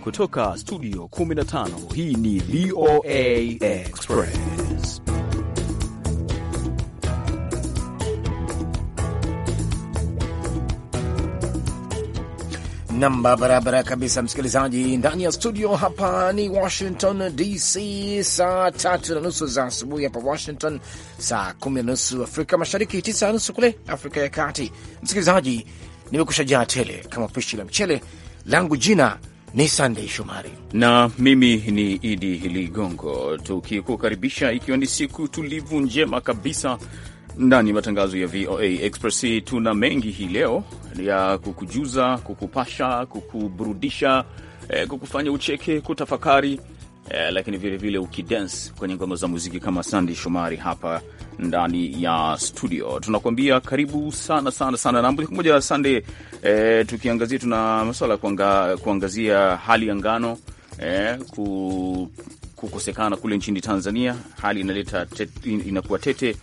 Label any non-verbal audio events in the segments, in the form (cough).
Kutoka studio 15 hii ni VOA Express. Nam barabara kabisa, msikilizaji, ndani ya studio hapa ni Washington DC, saa tatu na nusu za asubuhi hapa Washington, saa kumi na nusu Afrika Mashariki, tisa na nusu kule Afrika ya Kati. Msikilizaji, nimekusha jaa tele kama pishi la mchele langu. Jina ni Sandey Shomari na mimi ni Idi Ligongo, tukikukaribisha ikiwa ni siku tulivu njema kabisa ndani ya matangazo ya VOA Express. Tuna mengi hii leo ya kukujuza, kukupasha, kukuburudisha, eh, kukufanya ucheke, kutafakari eh, lakini vilevile ukidance kwenye ngoma za muziki kama Sandi Shomari hapa ndani ya studio tunakuambia karibu sana sana sana. Na moja kwa moja Sande, eh, tukiangazia tuna masuala kuanga, kuangazia hali ya ngano eh, ku, kukosekana kule nchini Tanzania. Hali inaleta tete, inakuwa tete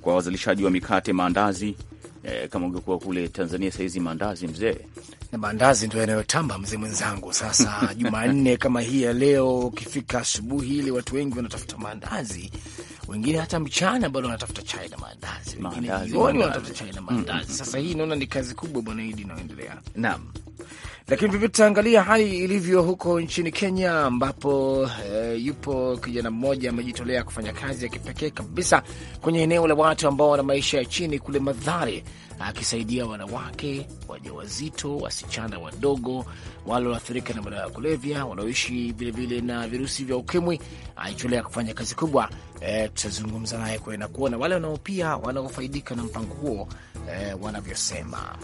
kwa wazalishaji wa mikate maandazi. Eh, kama ungekuwa kule Tanzania sahizi maandazi mzee na maandazi ndio yanayotamba mzee mwenzangu. Sasa (laughs) Jumanne kama hii ya leo, ukifika asubuhi ile, watu wengi wanatafuta maandazi, wengine hata mchana bado wanatafuta chai na maandazi, wengine jioni wanatafuta chai na maandazi. Mm. Sasa hii naona ni kazi kubwa, Bwana Idi, inayoendelea. Naam. Lakini vipi, tutaangalia hali ilivyo huko nchini Kenya ambapo e, yupo kijana mmoja amejitolea kufanya kazi ya kipekee kabisa kwenye eneo la watu ambao wana maisha ya chini kule Madhare, akisaidia wanawake wajawazito, wasichana wadogo, wale walioathirika na madawa ya kulevya, wanaoishi vilevile na virusi vya ukimwi. Ajitolea kufanya kazi kubwa. E, tutazungumza naye na kuona wale wanaopia wanaofaidika na mpango huo e, wanavyosema.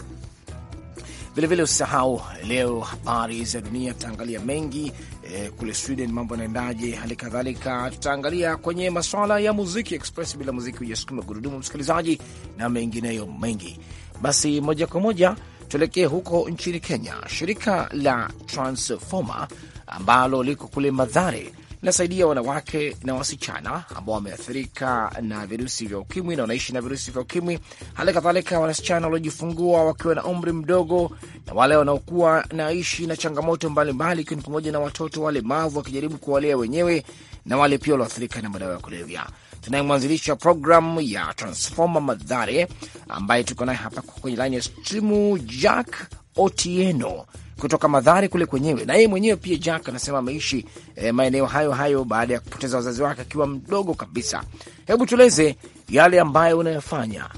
Vilevile usisahau leo habari za dunia, tutaangalia mengi e, kule Sweden mambo yanaendaje. Hali kadhalika tutaangalia kwenye maswala ya muziki express, bila muziki hujasukuma gurudumu, msikilizaji, na mengineyo mengi. Basi moja kwa moja tuelekee huko nchini Kenya. Shirika la Transforma ambalo liko kule Madhare nasaidia wanawake na wasichana ambao wameathirika na virusi vya ukimwi na wanaishi na virusi vya ukimwi, hali kadhalika wasichana waliojifungua wakiwa na umri mdogo na wale wanaokuwa naishi na changamoto mbalimbali, ikiwa ni pamoja na watoto walemavu wakijaribu kuwalea wenyewe na wale pia walioathirika na madawa ya kulevya. Tunaye mwanzilisha programu ya Transforma Madhare ambaye tuko naye hapa kwenye laini ya simu, Jack Otieno kutoka madhari kule kwenyewe. Na yeye mwenyewe pia Jack anasema ameishi eh, maeneo hayo hayo baada ya kupoteza wazazi wake akiwa mdogo kabisa. Hebu tueleze yale ambayo unayofanya.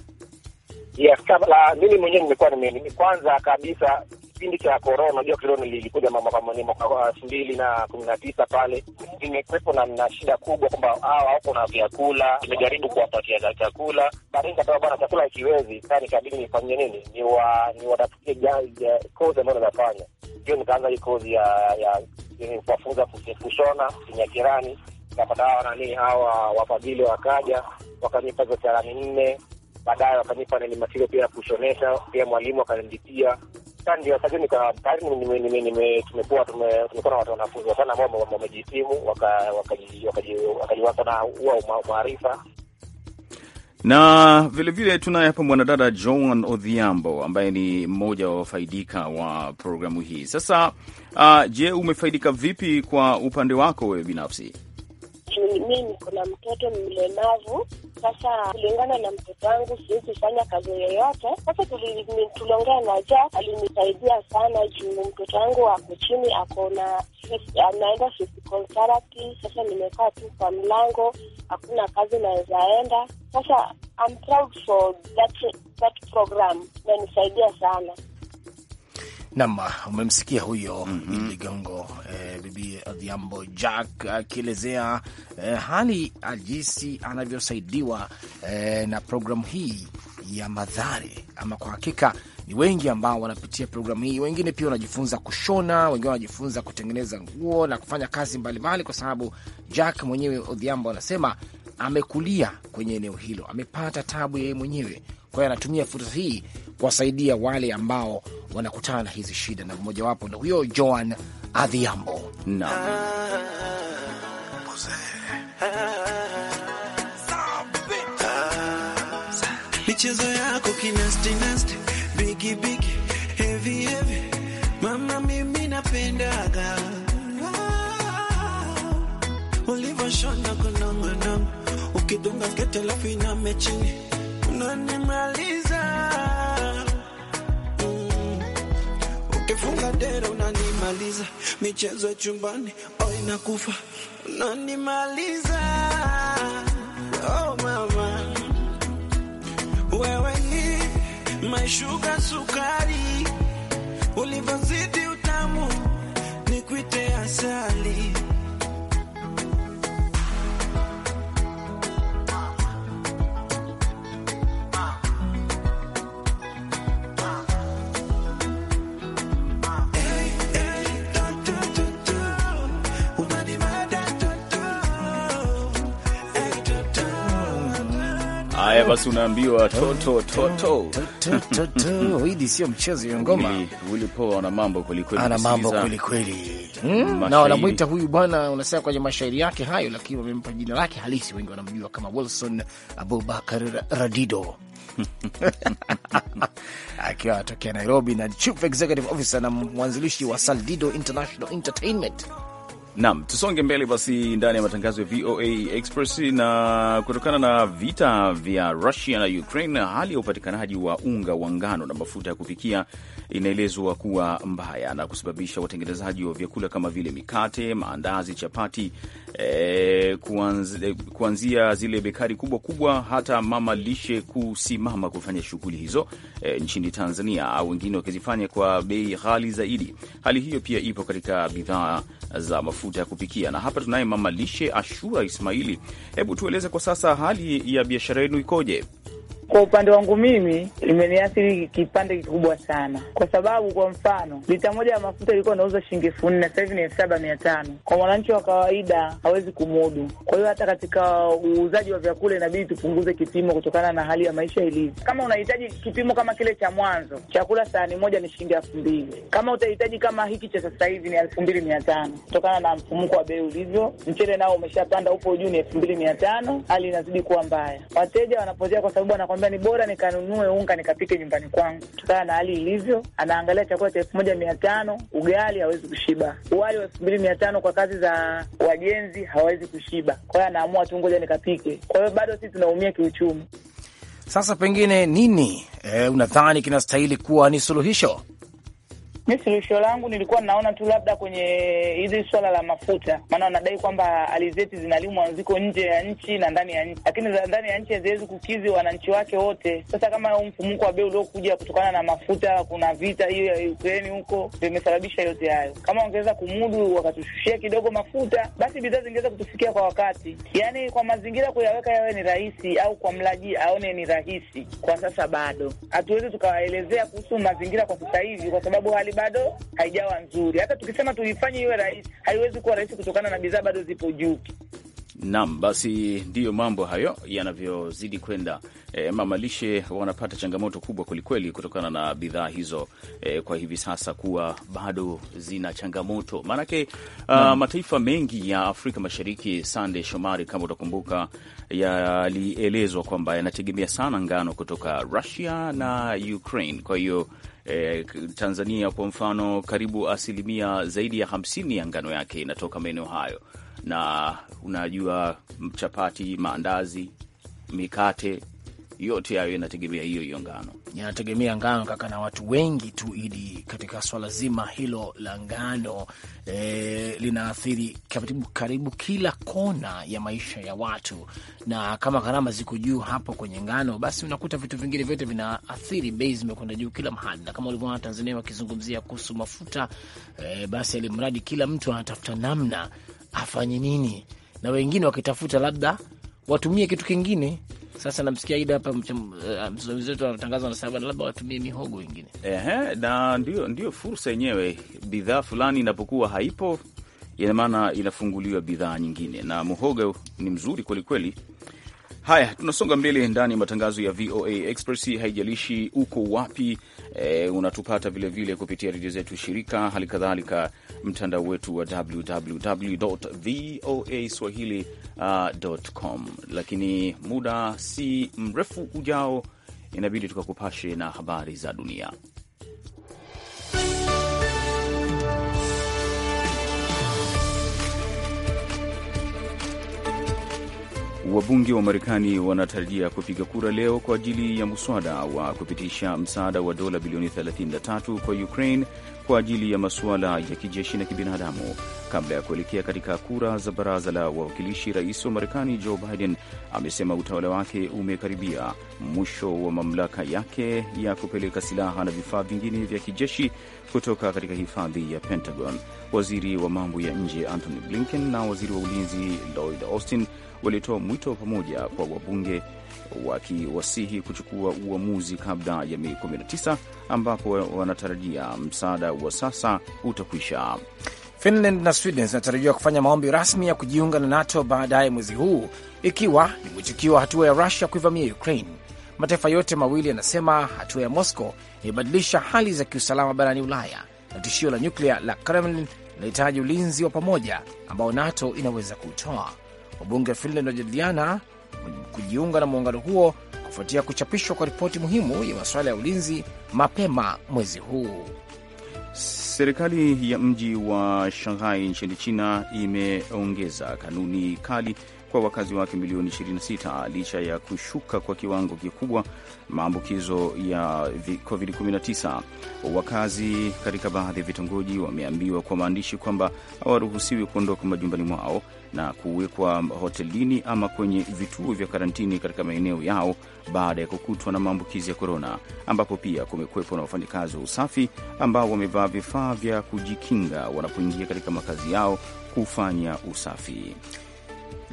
Yes, kabla mimi mwenyewe nimekuwa nime kwanza kabisa kipindi cha korona, unajua corona lilikuja mwaka elfu mbili na kumi na tisa pale, imekuwepo na shida kubwa kwamba hawa wako na vyakula. imejaribu kuwapatia za chakula, baadaye nikatoa bwana, chakula ikiwezi saa, nikabidi nifanyie nini, niwatafutie kozi ambayo nazafanya. hiyo, nikaanza hii kozi ya kuwafunza kushona kinya kirani, nikapata hawa nani, hawa wafadhili wakaja wakanipa hizo charani nne baadaye wakanipa nani material pia ya kushonesha, pia mwalimu akanilipia. Sasa ndio sasa nika tayari nime nime nime tumekuwa tumekuwa na watu wanafunzi sana ambao wamejitimu wakaji wakajiwapa na huo maarifa na vilevile tunaye hapa mwanadada Joan Odhiambo ambaye ni mmoja wa wafaidika wa programu hii. Sasa uh, je, umefaidika vipi kwa upande wako wewe binafsi? mimi niko na mtoto mlemavu. Sasa kulingana na mtoto wangu siwezi fanya kazi yoyote. Sasa tuliongea na ja alinisaidia sana juu mtoto wangu ako chini, ako na anaenda physical therapy. Sasa nimekaa tu kwa mlango, hakuna kazi nawezaenda Sasa I'm proud for that, that program, nanisaidia sana. Nam, umemsikia huyo mm -hmm. Ligongo eh, bibi Adhiambo Jack akielezea eh, hali ajisi anavyosaidiwa eh, na programu hii ya madhare. Ama kwa hakika ni wengi ambao wanapitia programu hii, wengine pia wanajifunza kushona, wengine wanajifunza kutengeneza nguo na kufanya kazi mbalimbali, kwa sababu Jack mwenyewe Odhiambo anasema amekulia kwenye eneo hilo, amepata tabu yeye mwenyewe kwa hiyo anatumia fursa hii kuwasaidia wale ambao wanakutana na hizi shida, na mmojawapo na huyo Joan Adhiambo na michezo yako kinastinasti bigibigi hevi hevi mama, mimi napendaga ulivyoshona kunong'onong'o ukidunga sketi alafu iname unanimaliza, mm. ukifunga dera unanimaliza, michezo ya chumbani oh, inakufa unanimaliza, oh mama, wewe ni maishuga sukari, ulivyozidi utamu nikwite asali basi unaambiwa toto toto toto, (laughs) hidi sio mchezo. Hiyo ngoma ulipoa na mambo kweli ana mambo kweli kweli hmm? na wanamwita huyu bwana, unasema kwenye mashairi yake hayo, lakini wamempa jina lake halisi, wengi wanamjua kama Wilson Abubakar Radido (laughs) akiwa anatokea Nairobi na chief executive officer na mwanzilishi wa Saldido International Entertainment. Nam, tusonge mbele basi ndani ya matangazo ya VOA Express. Na kutokana na vita vya Russia na Ukraine, hali ya upatikanaji wa unga wa ngano na mafuta ya kupikia inaelezwa kuwa mbaya na kusababisha watengenezaji wa vyakula kama vile mikate, maandazi, chapati eh, kuanzia, eh, kuanzia zile bekari kubwa kubwa hata mama lishe kusimama kufanya shughuli hizo eh, nchini Tanzania au wengine wakizifanya kwa bei ghali zaidi. Hali hiyo pia ipo katika bidhaa za mafuta mafuta ya kupikia. Na hapa tunaye mama lishe Ashura Ismaili. Hebu tueleze kwa sasa hali ya biashara yenu ikoje? Kwa upande wangu mimi limeniathiri kipande kikubwa sana, kwa sababu kwa mfano lita moja ya mafuta ilikuwa inauzwa shilingi elfu nne sasa hivi ni elfu saba mia tano Kwa mwananchi wa kawaida hawezi kumudu. Kwa hiyo hata katika uuzaji wa vyakula inabidi tupunguze kipimo kutokana na hali ya maisha ilivyo. Kama unahitaji kipimo kama kile cha mwanzo, chakula sahani moja ni shilingi elfu mbili Kama utahitaji kama hiki cha sasa hivi ni elfu mbili mia tano kutokana na mfumuko wa bei ulivyo. Mchele nao umeshapanda, upo juu, ni elfu mbili mia tano Hali inazidi kuwa mbaya, wateja wanapotea kwa sababu wanakwambia kwamba ni bora nikanunue unga nikapike nyumbani kwangu, kutokana na hali ilivyo. Anaangalia chakula cha elfu moja mia tano ugali hawezi kushiba, wali wa elfu mbili mia tano kwa kazi za wajenzi hawawezi kushiba. Kwa hiyo anaamua tu, ngoja nikapike. Kwa hiyo bado sisi tunaumia kiuchumi. Sasa pengine nini, e, unadhani kinastahili kuwa ni suluhisho Mi suluhisho langu nilikuwa naona tu labda kwenye hili swala la mafuta, maana wanadai kwamba alizeti zinalimwa ziko nje ya nchi na ndani ya nchi, lakini za ndani ya nchi haziwezi kukizi wananchi wake wote. Sasa kama huu mfumuko wa bei uliokuja kutokana na mafuta, kuna vita hiyo ya Ukraini huko ndio imesababisha yote hayo. Kama wangeweza kumudu wakatushushia kidogo mafuta, basi bidhaa zingeweza kutufikia kwa wakati, yaani kwa mazingira kuyaweka yawe ni rahisi, au kwa mlaji aone ni rahisi. Kwa sasa bado hatuwezi tukawaelezea kuhusu mazingira kwa sasa hivi, kwa sababu hali bado haijawa nzuri. Hata tukisema tuifanye iwe rahisi, haiwezi kuwa rahisi kutokana na bidhaa bado zipo juu. Naam, basi ndiyo mambo hayo yanavyozidi kwenda. E, eh, mama lishe wanapata changamoto kubwa kwelikweli kutokana na bidhaa hizo e, kwa hivi sasa kuwa bado zina changamoto maanake, uh, mataifa mengi ya Afrika Mashariki, Sande Shomari, kama utakumbuka, yalielezwa kwamba yanategemea sana ngano kutoka Russia na Ukraine, kwa hiyo eh, Tanzania kwa mfano, karibu asilimia zaidi ya hamsini ya ngano yake inatoka maeneo hayo, na unajua chapati, maandazi, mikate yote hayo inategemea hiyo hiyo ngano, inategemea ngano kaka, na watu wengi tu idi katika swala zima hilo la ngano e, linaathiri karibu, karibu kila kona ya maisha ya watu, na kama gharama ziko juu hapo kwenye ngano, basi unakuta vitu vingine vyote vinaathiri, bei zimekwenda juu kila mahali, na kama ulivyoona Tanzania wakizungumzia kuhusu mafuta e, basi alimradi kila mtu anatafuta namna afanye nini, na wengine wakitafuta labda watumie kitu kingine sasa namsikia ida hapa msimamizi eh, wetu anatangaza na sababu labda watumie mihogo wengine. Ehe, na ndio, ndio fursa yenyewe. Bidhaa fulani inapokuwa haipo, ina maana inafunguliwa bidhaa nyingine, na muhogo ni mzuri kwelikweli Haya, tunasonga mbele ndani ya matangazo ya VOA Express. Haijalishi uko wapi, e, unatupata vilevile vile kupitia redio zetu shirika, hali kadhalika mtandao wetu wa www voa swahili.com. Uh, Lakini muda si mrefu ujao, inabidi tukakupashe na habari za dunia. Wabunge wa Marekani wanatarajia kupiga kura leo kwa ajili ya mswada wa kupitisha msaada wa dola bilioni 33 kwa Ukraine kwa ajili ya masuala ya kijeshi na kibinadamu. Kabla ya kuelekea katika kura za baraza la wawakilishi, rais wa Marekani Joe Biden amesema utawala wake umekaribia mwisho wa mamlaka yake ya kupeleka silaha na vifaa vingine vya kijeshi kutoka katika hifadhi ya Pentagon. Waziri wa mambo ya nje Antony Blinken na waziri wa ulinzi Lloyd Austin walitoa mwito wa pamoja kwa wabunge wakiwasihi kuchukua uamuzi kabla ya Mei 19 ambapo wanatarajia msaada wa sasa utakwisha. Finland na Sweden zinatarajiwa kufanya maombi rasmi ya kujiunga na NATO baadaye mwezi huu, ikiwa ni mwitikio wa hatua ya Rusia kuivamia Ukraine. Mataifa yote mawili yanasema hatua ya Moscow imebadilisha hali za kiusalama barani Ulaya na tishio la nyuklia la Kremlin linahitaji ulinzi wa pamoja ambao NATO inaweza kuutoa wabunge wa Finland wanajadiliana kujiunga na muungano huo kufuatia kuchapishwa kwa ripoti muhimu ya masuala ya ulinzi mapema mwezi huu. Serikali ya mji wa Shanghai nchini China imeongeza kanuni kali kwa wakazi wake milioni 26 licha ya kushuka kwa kiwango kikubwa maambukizo ya COVID-19. Wakazi katika baadhi ya vitongoji wameambiwa kwa maandishi kwamba hawaruhusiwi kuondoka majumbani mwao na kuwekwa hotelini ama kwenye vituo vya karantini katika maeneo yao baada ya kukutwa na maambukizi ya korona, ambapo pia kumekuwepo na wafanyakazi wa usafi ambao wamevaa vifaa vya kujikinga wanapoingia katika makazi yao kufanya usafi.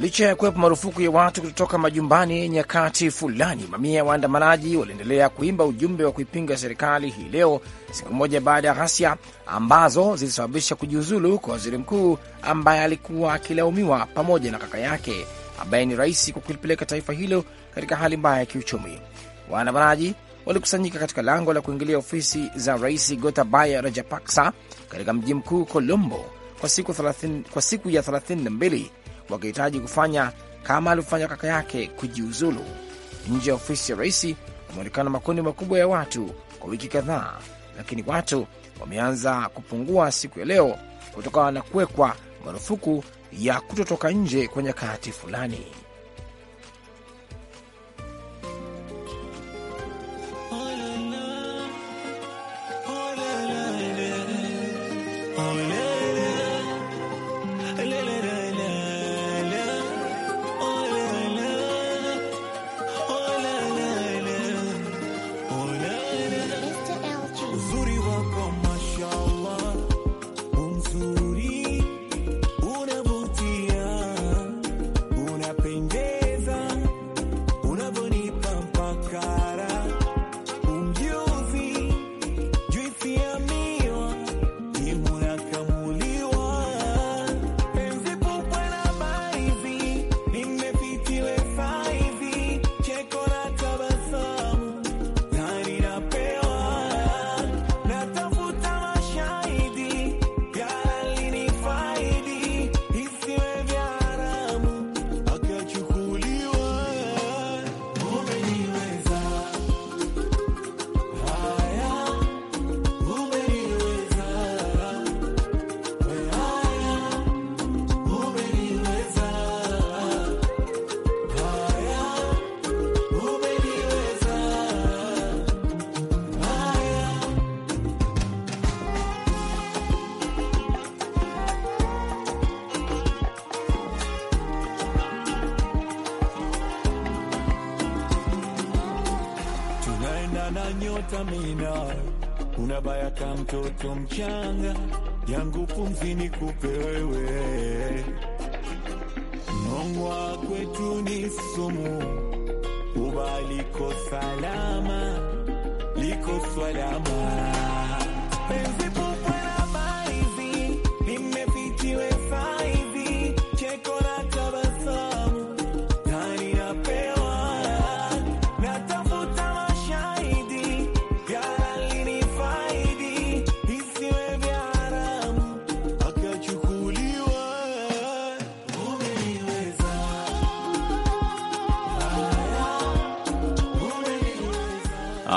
Licha ya kuwepo marufuku ya watu kutotoka majumbani nyakati fulani, mamia ya waandamanaji waliendelea kuimba ujumbe wa kuipinga serikali hii leo, siku moja baada ya ghasia ambazo zilisababisha kujiuzulu kwa waziri mkuu ambaye alikuwa akilaumiwa pamoja na kaka yake ambaye ni rais kwa kulipeleka taifa hilo katika hali mbaya ya kiuchumi. Waandamanaji walikusanyika katika lango la kuingilia ofisi za rais Gotabaya Rajapaksa katika mji mkuu Colombo kwa siku, 30, kwa siku ya 32 wakihitaji kufanya kama alivyofanya kaka yake kujiuzulu. Nje ya ofisi ya rais wameonekana makundi makubwa ya watu kwa wiki kadhaa, lakini watu wameanza kupungua siku ya leo kutokana na kuwekwa marufuku ya kutotoka nje kwa nyakati fulani. Kamina, una baya ka mtoto mchanga, yangu pumzi kupewewe wewe. Nongwa kwetu ni sumu, uba liko salama, liko salama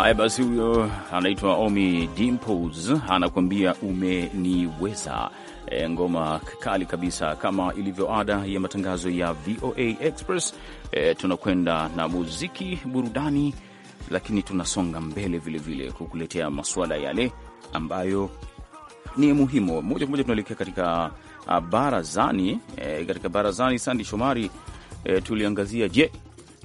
Haya basi, huyo anaitwa Omi Dimples anakuambia umeniweza. E, ngoma kali kabisa. Kama ilivyo ada ya matangazo ya VOA Express, e, tunakwenda na muziki burudani, lakini tunasonga mbele vilevile kukuletea masuala yale ambayo ni muhimu. Moja kwa moja tunaelekea katika uh, barazani. E, katika barazani, Sandi Shomari, e, tuliangazia je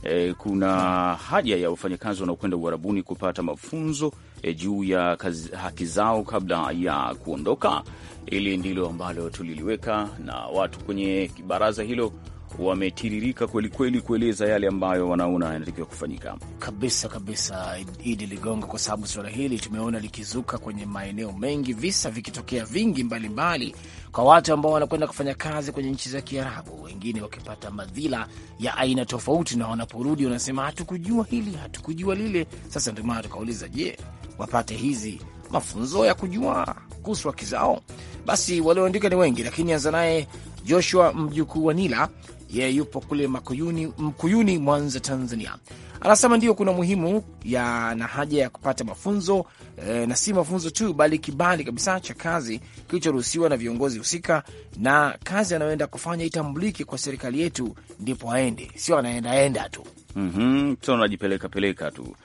e, kuna haja ya wafanyakazi wanaokwenda uharabuni kupata mafunzo e, juu ya haki zao kabla ya kuondoka. Hili ndilo ambalo tuliliweka na watu kwenye baraza hilo wametiririka kwelikweli kueleza yale ambayo wanaona yanatakiwa kufanyika kabisa kabisa, Idi Ligongo, kwa sababu suala hili tumeona likizuka kwenye maeneo mengi, visa vikitokea vingi mbalimbali mbali, kwa watu ambao wanakwenda kufanya kazi kwenye nchi za Kiarabu, wengine wakipata madhila ya aina tofauti, na wanaporudi wanasema hatukujua hili, hatukujua lile. Sasa ndio maana tukauliza, je, wapate hizi mafunzo ya kujua kuhusu haki zao? Basi walioandika ni wengi, lakini anza naye Joshua mjukuu wa Nila, yeye yupo kule Makuyuni, Mkuyuni, Mwanza, Tanzania. Anasema ndiyo, kuna muhimu ya na haja ya kupata mafunzo e, na si mafunzo tu, bali kibali kabisa cha kazi kilichoruhusiwa na viongozi husika, na kazi anayoenda kufanya itambulike kwa serikali yetu, ndipo aende, sio anaendaenda tu mm -hmm, so najipeleka peleka tu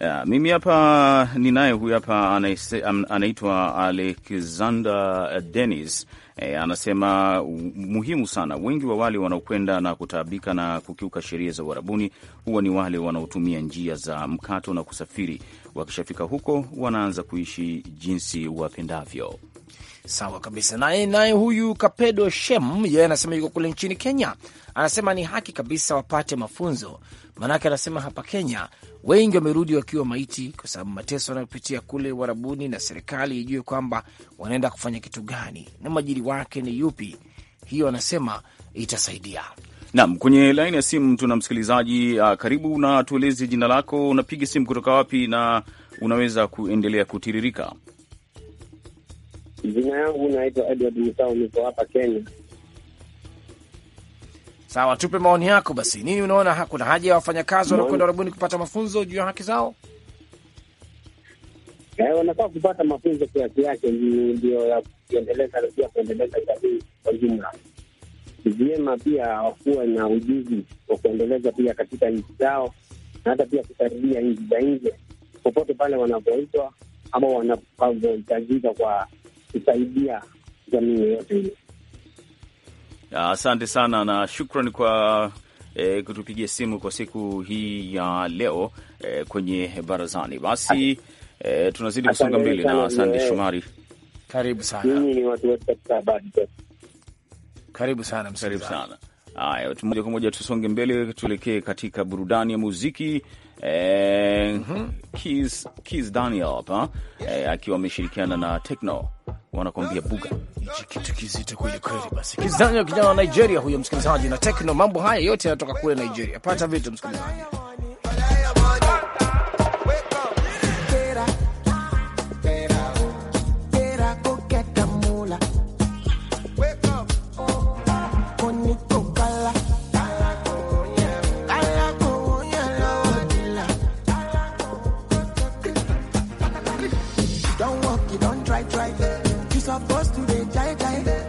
yeah. mimi hapa ninaye huyu hapa anaitwa Alexander Dennis E, anasema muhimu sana, wengi wa wale wanaokwenda na kutaabika na kukiuka sheria za uharabuni huwa ni wale wanaotumia njia za mkato na kusafiri. Wakishafika huko wanaanza kuishi jinsi wapendavyo. Sawa kabisa. Naye naye huyu Kapedo Shem, yeye anasema yuko kule nchini Kenya, anasema ni haki kabisa wapate mafunzo, maanake anasema hapa Kenya wengi wamerudi wakiwa maiti, kwa sababu mateso wanayopitia kule Warabuni, na serikali ijue kwamba wanaenda kufanya kitu gani na mwajiri wake ni yupi. Hiyo anasema itasaidia. Naam, kwenye laini ya simu tuna msikilizaji. Uh, karibu na tueleze jina lako, unapiga simu kutoka wapi, na unaweza kuendelea kutiririka Jina yangu naitwa Edward musau niko hapa Kenya. Sawa, tupe maoni yako basi. Nini unaona, kuna haja ya wafanyakazi wanakwenda arabuni kupata mafunzo juu ya haki zao? Eh, wanafaa kupata mafunzo kiasi yake, ndio ya kuendeleza pia kuendeleza jamii kwa jumla. Ni vyema pia wakuwa na ujuzi wa kuendeleza pia katika nchi zao na hata pia kukaribia nchi za nje popote pale wanapoitwa ama wanavyohitajika kwa kusaidia jamii yoyote ile. Asante sana na shukran kwa e, kutupigia simu kwa siku hii ya leo e, kwenye barazani. Basi e, tunazidi kusonga mbele na Sandi Shomari, karibu sana. karibu sana, karibu sana. Haya, moja kwa moja tusonge mbele, tuelekee katika burudani ya muziki. E, mm -hmm. Kiss, Kiss Daniel hapa yes. E, akiwa ameshirikiana na Tekno wanakwambia buga hichi kitu kizito kweli kweli. Basi kizana kijana wa Nigeria huyo msikilizaji, na tekno, mambo haya yote yanatoka kule Nigeria. Pata vitu msikilizaji supposed to be jai jai.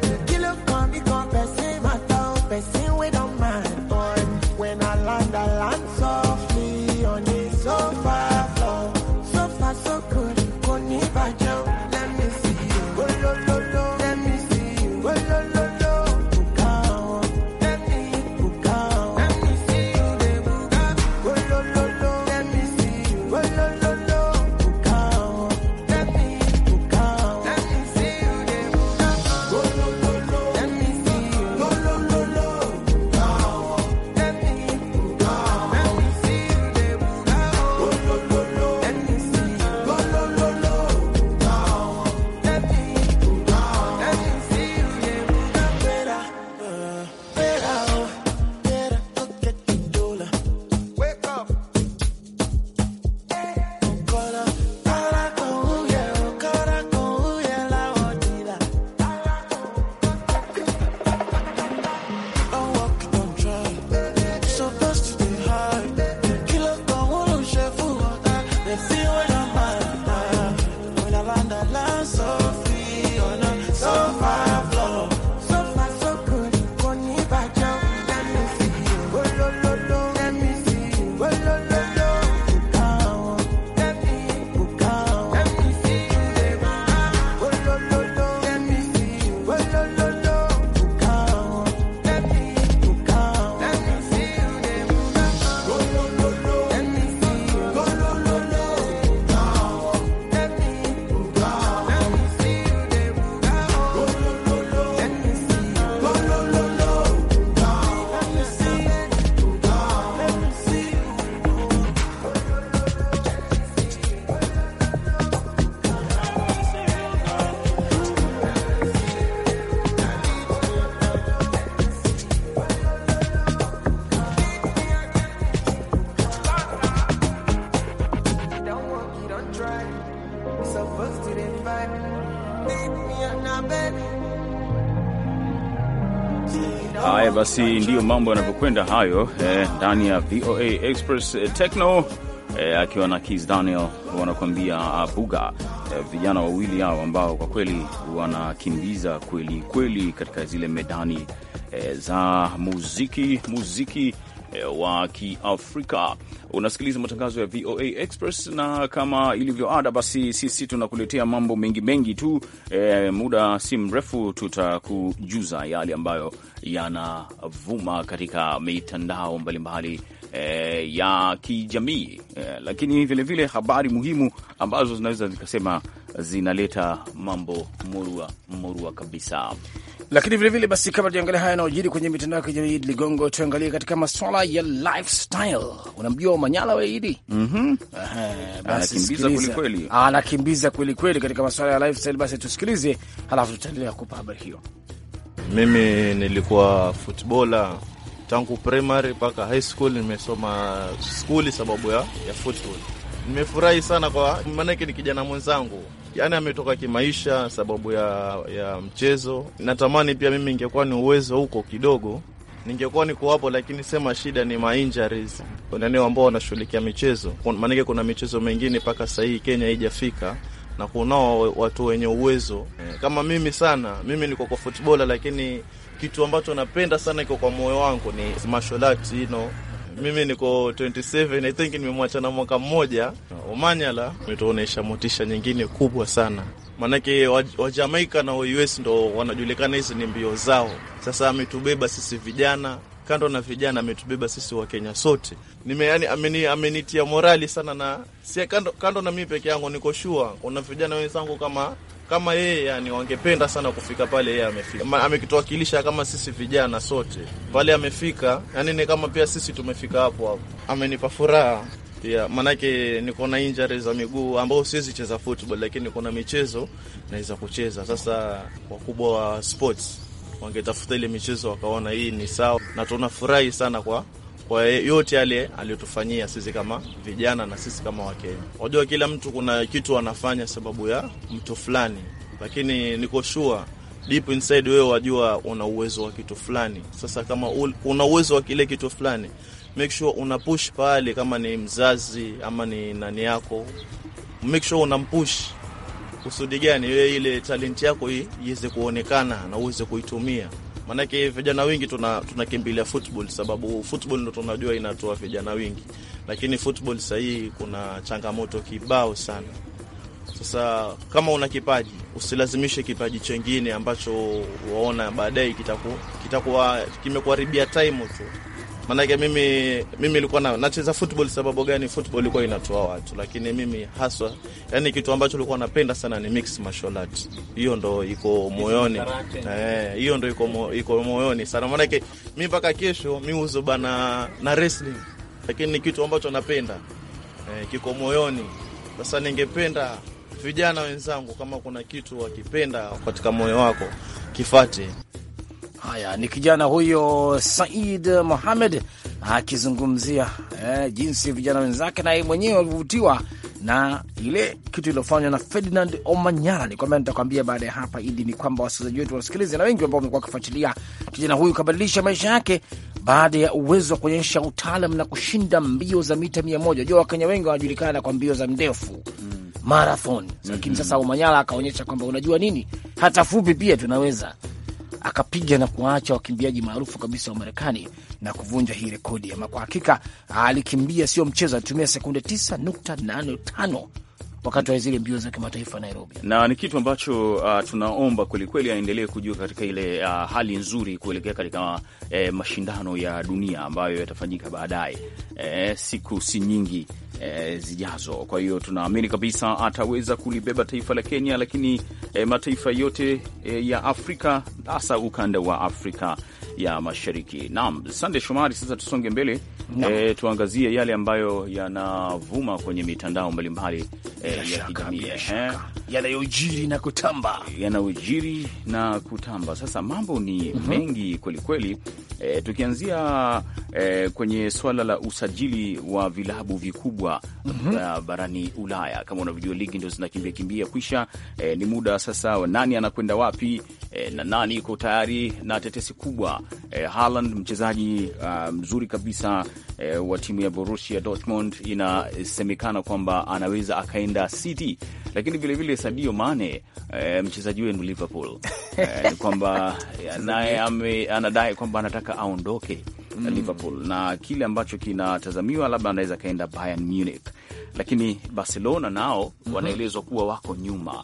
Basi ndiyo mambo yanavyokwenda hayo eh, ndani eh, ya VOA Express eh, Techno eh, akiwa na Kis Daniel wanakuambia abuga ah, eh, vijana wawili hao ambao kwa kweli wanakimbiza kweli kweli katika zile medani eh, za muziki muziki Eh, wa Kiafrika. Unasikiliza matangazo ya VOA Express, na kama ilivyo ada, basi sisi tunakuletea mambo mengi mengi tu. E, muda si mrefu tutakujuza yale ambayo yanavuma katika mitandao mbalimbali e, ya kijamii e, lakini vilevile habari muhimu ambazo zinaweza zikasema zinaleta mambo morua morua kabisa. Lakini vilevile basi, kama tuangalia haya yanayojiri kwenye mitandao ya kijamii, Idi Ligongo, tuangalie katika maswala ya lifestyle. Unamjua Manyala we Idi? mm -hmm. Anakimbiza kwelikweli katika maswala ya lifestyle. Basi tusikilize, halafu tutaendelea kupa habari hiyo. Mimi nilikuwa futbola tangu primary mpaka high school. Nimesoma skuli sababu ya, ya football. Nimefurahi sana kwa maanake ni kijana mwenzangu yani ametoka kimaisha sababu ya, ya mchezo. Natamani pia mimi ingekuwa ni uwezo huko kidogo, ningekuwa niko hapo, lakini sema shida ni mainjuries nani ambao wanashughulikia michezo, maanake kuna michezo mengine mpaka sahihi Kenya haijafika na kunao watu wenye uwezo eh, kama mimi sana. Mimi niko kwa football, lakini kitu ambacho napenda sana iko kwa moyo wangu ni masholati ino mimi niko 27 I think nimemwacha na mwaka mmoja. Omanyala umetuonesha motisha nyingine kubwa sana, maanake Wajamaika wa na waUS ndo wanajulikana, hizi ni mbio zao. Sasa ametubeba sisi vijana kando na vijana ametubeba sisi Wakenya sote. Nime yani, ameni, amenitia morali sana na si kando, kando na mimi peke yangu, niko shua kuna vijana wenzangu kama kama yeye yani, wangependa sana kufika pale yeye amefika, amekituwakilisha kama sisi vijana sote pale amefika, yani ni kama pia sisi tumefika hapo hapo. Amenipa furaha yeah, maanake niko na injury za miguu ambao siwezi cheza football, lakini niko na michezo naweza kucheza. Sasa wakubwa wa sports wangetafuta ile michezo wakaona hii ni sawa, na tunafurahi sana kwa kwa yote yale aliyotufanyia sisi kama vijana na sisi kama Wakenya. Wajua kila mtu kuna kitu anafanya sababu ya mtu fulani, lakini niko sure deep inside wewe wajua una uwezo wa kitu fulani. Sasa kama una uwezo wa kile kitu fulani, make sure una push pale, kama ni mzazi ama ni nani yako, make sure unampush kusudi gani, wewe ile talenti yako hii iweze kuonekana na uweze kuitumia maanake vijana wengi tunakimbilia tuna football sababu football ndo tunajua inatoa vijana wengi, lakini football sahii kuna changamoto kibao sana. Sasa kama una kipaji usilazimishe kipaji chengine ambacho waona baadaye kitakuwa kimekuharibia time tu. Maanake mimi mimi nilikuwa na nacheza football. Sababu gani? Football ilikuwa inatoa watu, lakini mimi haswa, yani kitu ambacho nilikuwa napenda sana ni mix martial arts. Hiyo ndo iko moyoni eh, hiyo ndo iko iko moyoni sana. Maanake mimi mpaka kesho mimi huzoba na na wrestling, lakini ni kitu ambacho napenda eh, kiko moyoni. Sasa ningependa vijana wenzangu, kama kuna kitu wakipenda katika moyo wako kifate. Haya, ni kijana huyo Said Mohamed akizungumzia eh, jinsi vijana wenzake na yeye mwenyewe walivutiwa na ile kitu iliyofanywa na Ferdinand Omanyala. Ni kwamba nitakwambia baada ya hapa, Idi, ni kwamba wasikilizaji wetu wasikilize, na wengi ambao wamekuwa wakifuatilia kijana huyu kabadilisha maisha yake baada ya uwezo wa kuonyesha utaalam na kushinda mbio za mita mia moja. Jua Wakenya wengi wanajulikana kwa mbio za ndefu marathon, lakini mm -hmm. Sasa Omanyala akaonyesha kwamba unajua nini, hata fupi pia tunaweza akapiga na kuwaacha wakimbiaji maarufu kabisa wa Marekani na kuvunja hii rekodi. Ama kwa hakika alikimbia sio mchezo, alitumia sekunde 9.85 wakati wa zile mbio za kimataifa Nairobi, na ni kitu ambacho uh, tunaomba kwelikweli aendelee kujua katika ile uh, hali nzuri kuelekea katika uh, mashindano ya dunia ambayo yatafanyika baadaye uh, siku si nyingi E, zijazo. Kwa hiyo tunaamini kabisa ataweza kulibeba taifa la Kenya, lakini e, mataifa yote e, ya Afrika hasa ukanda wa Afrika ya Mashariki. Naam, sande Shomari. Sasa tusonge mbele e, tuangazie yale ambayo yanavuma kwenye mitandao mbalimbali e, ya kijamii yanayojiri na kutamba, yanayojiri na kutamba. Sasa mambo ni mm -hmm. mengi kwelikweli. E, tukianzia e, kwenye swala la usajili wa vilabu vikubwa mm -hmm. barani Ulaya, kama unavyojua ligi ndo zinakimbia kimbia kwisha. E, ni muda sasa nani anakwenda wapi, e, na nani iko tayari na tetesi kubwa. E, Haaland mchezaji uh, mzuri kabisa e, wa timu ya Borussia Dortmund, inasemekana kwamba anaweza akaenda City lakini vilevile Sadio Mane eh, mchezaji wenu Liverpool eh, ni (laughs) kwamba eh, naye anadai kwamba anataka aondoke mm. Liverpool na kile ambacho kinatazamiwa labda anaweza akaenda Bayern Munich, lakini Barcelona nao mm -hmm. wanaelezwa kuwa wako nyuma.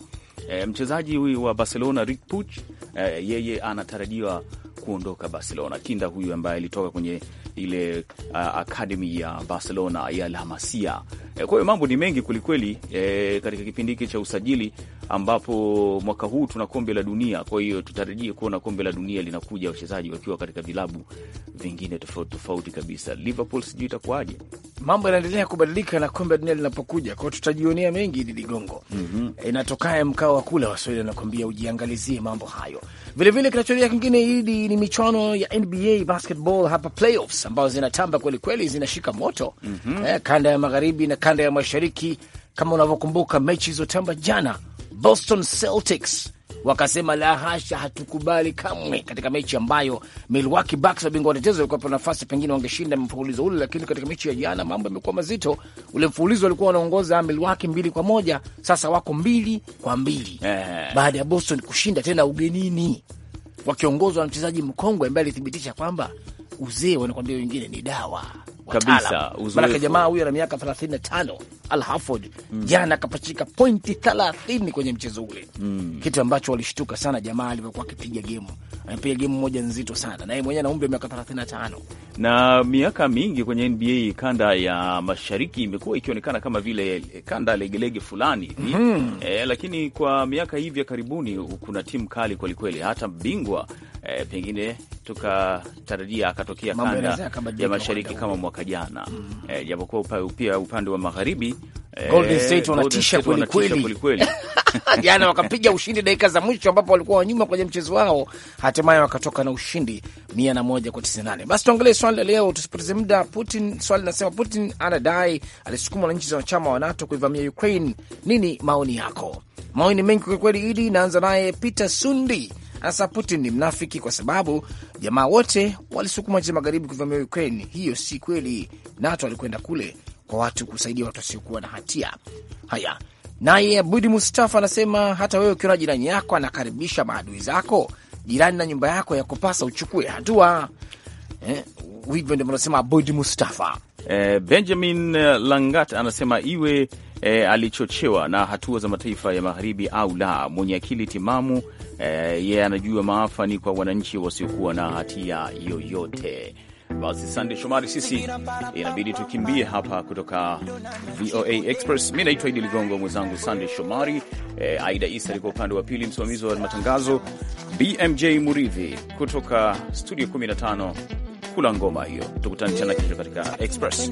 E, mchezaji huyu wa Barcelona Rick Puch e, yeye anatarajiwa kuondoka Barcelona. Kinda huyu ambaye alitoka kwenye ile uh, akademi ya Barcelona ya La Masia. E, kwa hiyo mambo ni mengi kwelikweli e, eh, katika kipindi hiki cha usajili ambapo mwaka huu tuna kombe la dunia. Kwa hiyo tutarajie kuona kombe la dunia linakuja wachezaji wakiwa katika vilabu vingine tofauti tofauti kabisa. Liverpool sijui itakuwaje, mambo yanaendelea kubadilika na kombe la dunia linapokuja, kwao tutajionea mengi. Idi Ligongo, mm -hmm. E, mkao wa kula Waswahili wanakuambia ujiangalizie mambo hayo. Vilevile kinachoria kingine hili ni michuano ya NBA basketball hapa playoffs ambazo zinatamba kwelikweli, zinashika moto mm -hmm. Eh, kanda ya magharibi na kanda ya mashariki. Kama unavyokumbuka mechi izotamba jana, Boston Celtics wakasema la hasha, hatukubali kamwe, katika mechi ambayo Milwaukee Bucks wabingwa watetezi walikuwa nafasi pengine wangeshinda mfululizo ule, lakini katika mechi ya jana mambo yamekuwa mazito. Ule mfululizo walikuwa wanaongoza Milwaukee mbili kwa moja, sasa wako mbili kwa mbili yeah, baada ya Boston kushinda tena ugenini wakiongozwa na mchezaji mkongwe ambaye alithibitisha kwamba uzee, wanakwambia wengine ni dawa kabisa. Maanake jamaa huyo ana miaka 35 Al Haford mm. jana akapachika pointi 30 kwenye mchezo ule mm. kitu ambacho walishtuka sana jamaa alivyokuwa akipiga gemu, anapiga gemu moja nzito sana, na yeye mwenyewe ana umri wa miaka 35 na miaka mingi kwenye NBA kanda ya mashariki imekuwa ikionekana kama vile eh, kanda legelege fulani mm -hmm. E, lakini kwa miaka hivi ya karibuni kuna timu kali kwelikweli, hata bingwa e, pengine tukatarajia akatokea kanda ya mashariki kama mwaka mwaka jana mm. E, japokuwa upa, pia upande wa magharibi eh, Golden State wanatisha kweli kweli. (laughs) Jana wakapiga ushindi dakika za mwisho ambapo walikuwa wanyuma kwenye mchezo wao, hatimaye wakatoka na ushindi 101 kwa 98. Basi tuangalie swali la leo, tusipoteze muda. Putin, swali linasema Putin anadai alisukumwa na nchi za wanachama wa NATO kuivamia Ukraine. Nini maoni yako? Maoni mengi kwa kweli, Idi. Naanza naye Peter Sundi. hasa Putin ni mnafiki kwa sababu jamaa wote walisukuma nchi za magharibi kuvamia Ukraine. Hiyo si kweli, NATO alikwenda kule kwa watu kusaidia watu wasiokuwa na hatia. Haya, naye Abudi Mustafa anasema hata wewe ukiona jirani yako anakaribisha maadui zako jirani na nyumba yako, ya kupasa uchukue hatua. Eh, hivyo ndio anasema Abudi Mustafa. Eh, Benjamin eh, Langat anasema iwe e, alichochewa na hatua za mataifa ya magharibi au la. Mwenye akili timamu e, yeye anajua maafa ni kwa wananchi wasiokuwa na hatia yoyote. Basi sande Shomari, sisi inabidi tukimbie hapa kutoka VOA Express. Mi naitwa Idi Ligongo, mwenzangu sande Shomari. E, Aida Isa alikuwa upande wa pili, msimamizi wa matangazo BMJ Muridhi kutoka studio 15 kula ngoma hiyo. Tukutane tena kesho katika Express.